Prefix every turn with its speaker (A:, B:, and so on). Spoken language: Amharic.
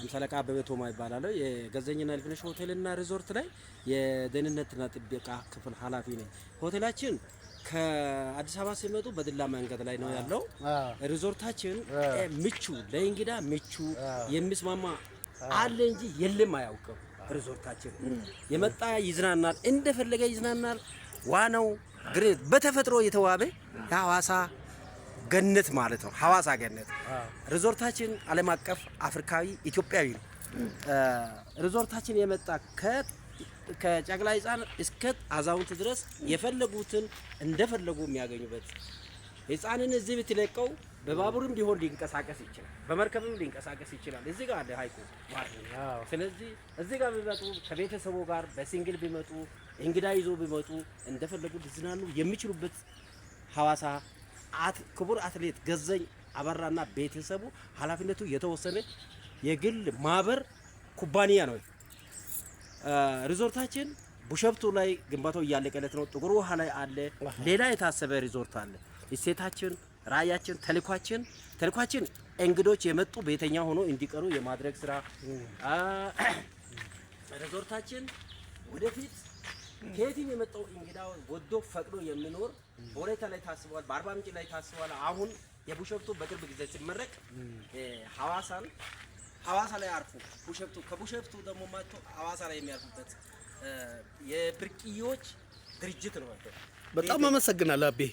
A: አምሳለቃ አበበ ቶማ ይባላለሁ። የገዘኝና ይልፍነሽ ሆቴልና ሪዞርት ላይ የደህንነትና ጥበቃ ክፍል ኃላፊ ነኝ። ሆቴላችን ከአዲስ አበባ ሲመጡ በድላ መንገድ ላይ ነው ያለው። ሪዞርታችን ምቹ ለእንግዳ ምቹ የሚስማማ አለ እንጂ የለም አያውቅም። ሪዞርታችን የመጣ ይዝናናል፣ እንደፈለገ ይዝናናል። ዋናው በተፈጥሮ የተዋበ የሐዋሳ ገነት ማለት ነው። ሀዋሳ ገነት ሪዞርታችን ዓለም አቀፍ አፍሪካዊ ኢትዮጵያዊ ነው። ሪዞርታችን የመጣ ከጨቅላ ህፃን እስከ አዛውንት ድረስ የፈለጉትን እንደፈለጉ የሚያገኙበት ሕፃንን እዚህ ብትለቀው በባቡርም ቢሆን ሊንቀሳቀስ ይችላል፣ በመርከብም ሊንቀሳቀስ ይችላል። እዚህ ጋር አለ ሀይቁ ማለት ስለዚህ እዚህ ጋር ቢመጡ ከቤተሰቡ ጋር በሲንግል ቢመጡ እንግዳ ይዞ ቢመጡ እንደፈለጉ ሊዝናኑ የሚችሉበት ሀዋሳ ክቡር አትሌት ገዘኝ አበራና ቤተሰቡ ኃላፊነቱ የተወሰነ የግል ማህበር ኩባንያ ነው። ሪዞርታችን ቡሸብቱ ላይ ግንባታው እያለቀለት ነው። ጥቁር ውሃ ላይ አለ። ሌላ የታሰበ ሪዞርት አለ። እሴታችን፣ ራዕያችን፣ ተልኳችን ተልኳችን እንግዶች የመጡ ቤተኛ ሆኖ እንዲቀሩ የማድረግ ስራ ሪዞርታችን ወደፊት ከየትም የመጣው እንግዳ ወዶ ፈቅዶ የሚኖር በወላይታ ላይ ታስበዋል፣ በአርባ ምንጭ ላይ ታስበዋል። አሁን የቡሸብቱ በቅርብ ጊዜ ሲመረቅ ሐዋሳን ሐዋሳ ላይ አርፉ ቡሸብቱ ከቡሸብቱ ደግሞ ማቶ ሐዋሳ ላይ የሚያርፉበት የብርቅዮች ድርጅት ነው።
B: በጣም አመሰግናለሁ አቤ።